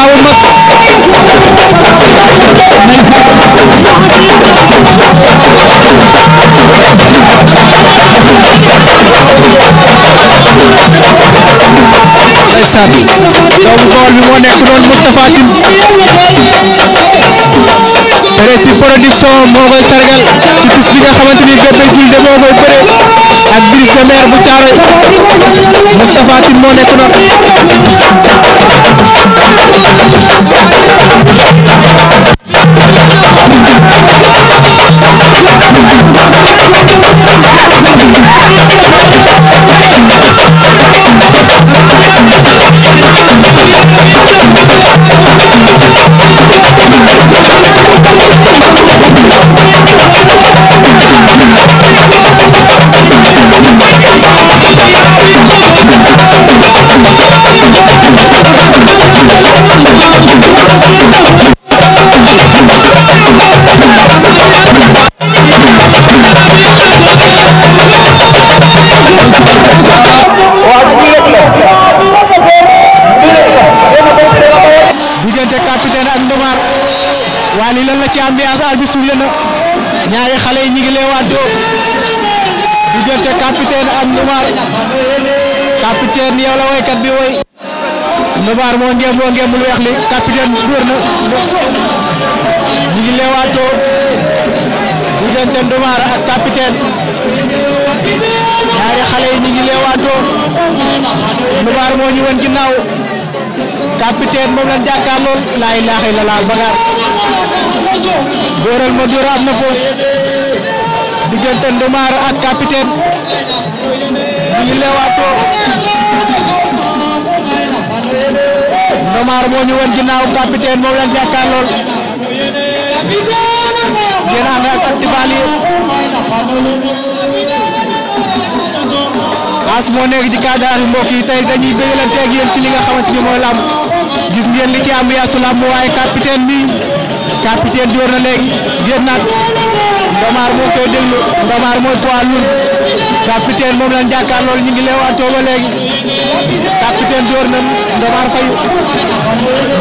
doomu koor bi moo nekk noonu Moustapha Tine Prési production moo sargal ci bis bi nga xamante ni Bébé Diouldé moo koy bëre ak Brise bu Thiaroye Moustapha Tine noonu lii lan la ci ambiance al bi suble na ñaari xale yi ñu ngi leewaatoo diggante capitaine ak capitaine yow la woykat bi woy Ndoumbar moo ngeem moo ngeem lu weex li ñu ngi leewaatoo diggante Ndoumbar ak capitaine ñaari xale yi ñu ngi leewaatoo Ndoumbar moo ñu woon ginnaaw capitaine moom lañ jàkkaarlool laa ilaaha illallaah bagaar Borel Madura am na foofu diggante Ndoumar ak capitaine ñu ngi leewaatoo Ndoumar moo ñu woon ginnaaw capitaine moom lañ jàkkaar lool yéen ànd ak ak Tibali as moo nekk ci cadre mbokk yi tey dañuy bëggalanteeg yéen ci li nga xamante ni mooy làmb gis ngeen li ci am yaasu làmb waaye capitaine bi. capitaine door na léegi génnaat Ndomar moo koy déglu Ndomar mooy poids lourd capitaine moom lañ jàkkaarloo ñu ngi leewaatoo ba léegi capitaine door na Ndomar fayu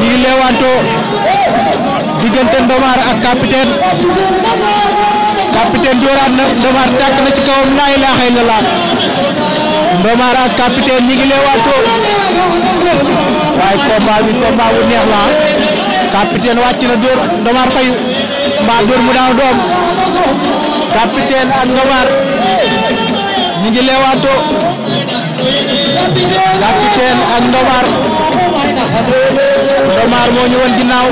ñu ngi leewaatoo diggante Ndomar ak capitaine capitaine dooraat na Ndomar tàkk na ci kawam laa ilaaha illallaah Ndomar ak capitaine ñu ngi leewaatoo waaye combat bi combat bu neex la capitaine wàcc na dóor Ndomar fayu mbaa dóor mu daaw doom capitaine ak Ndomar ñu ngi leewaato capitaine ak Ndomar Ndomar moo ñu woon ginnaaw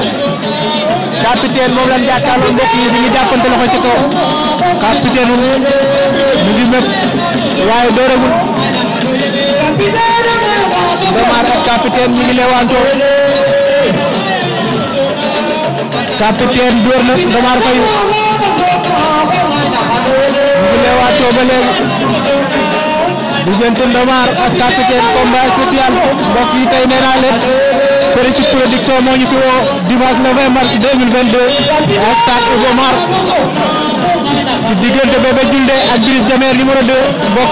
capitaine moom lañ jàkkaarloo mbokk yi ñu ngi jàppante loxo ci kaw capitaine mu ngi mépp waaye dóoragul Ndomar ak capitaine ñu ngi leewaantoo capitaine door na Omar Faye mu ngi leewaatoo ba léegi diggante Omar ak capitaine combat spécial mbokk yi tey nee naa leen Prési moo ñu fi woo dimanche le 20 mars 2022 au stade Iba Mar ci diggante Bébé Diouldé ak Brise de Mer numéro 2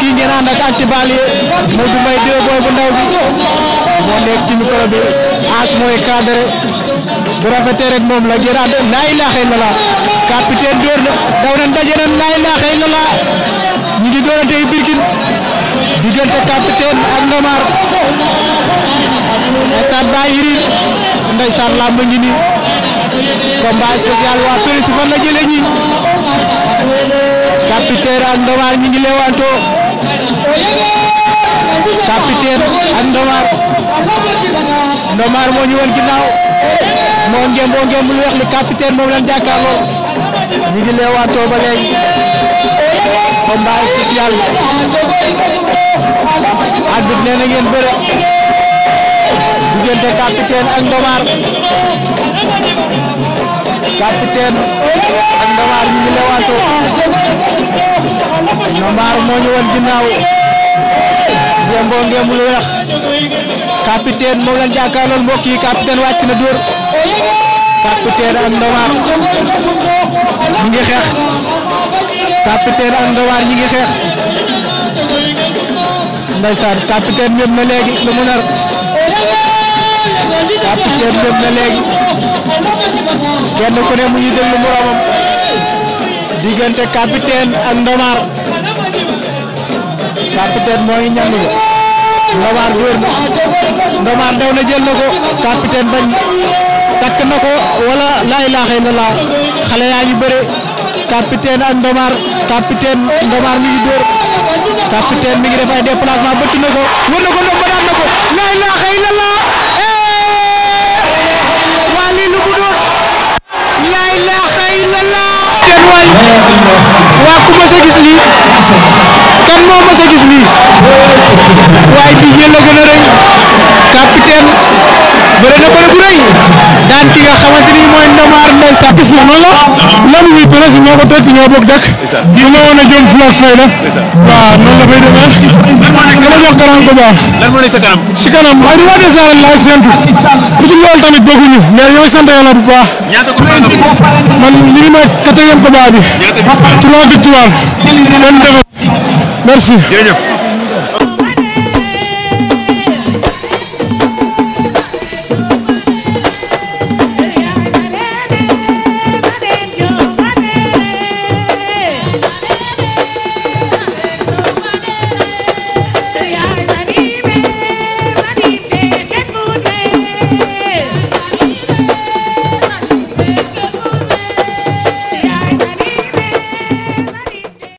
yi ngeen ak anti-banlieue Modou Mbaye 2 booy bu ndaw bi moo nekk ci micro as mooy cadré. bu rafetee rek moom la jëlaat laa ilaaha illallah capitaine door daw nañ daje nañ laa ilaaha illallah ñi ngi doonante yu birkin diggante capitaine ak Ndomar stade Ba Irine ndeysaan làmb ngi nii combat spécial waa police fan la jëlee ñi capitaine ak Ndomar ñi ngi leewantoo capitaine ak Ndomar Ndomar moo ñu woon ginnaaw moo ngeen boo ngeen lu weex li capitaine moom lañ jàkkaarloo ñu ngi leewaatoo ba léegi combat spécial arbitre nee na ngeen bëre diggante capitaine ak Ndomar capitaine ak Ndomar ñu ngi leewaatoo Ndomar moo ñu woon ginnaaw ngeen boo ngeen lu weex capitaine moom lañ jàkkaarlool mbokk yi capitaine wàcc na dóor capitaine ak ndowaar ñi ngi xeex capitaine ak ndowaar ñi ngi xeex ndeysaan capitaine ñëpp na léegi lu mu nar capitaine ñëpp na léegi kenn ku ne mu ngi déglu moroomam diggante capitaine ak ndomaar capitaine moo ngi ñandu Ndomar door na Ndomar daw na jël na ko capitaine bañ takk na ko wala laa ilaaha illallah xale yaa ngi bëre capitaine ak Ndomar capitaine Ndomar door capitaine mi ngi def ay déplacement bëtt na ko wër na ko ndox ba daan na ko laa ilaaha illallah eh! waa ku ma sa kan moo ma sa waaye di yéen a gën a rëy capitaine bëre na bëre bu rëy daan ki nga xamante ni mooy Ndamar Ndeye Sakk Isma noonu la lan muy bëre si ñoo ko toj ñoo bokk dëkk. ñu ne woon a jom flag fay la. waaw noonu la fay demee. dama jox kanam ko baax. lan moo ne sa kanam. si kanam waaye li ma des aar laay séntu. bu ci loolu tamit bokkuñu mais ñooy sant yàlla bu baax. ñaata ko baax man li ñu may quatrième combat bi. ñaata victoire trois victoire. merci jërëjëf.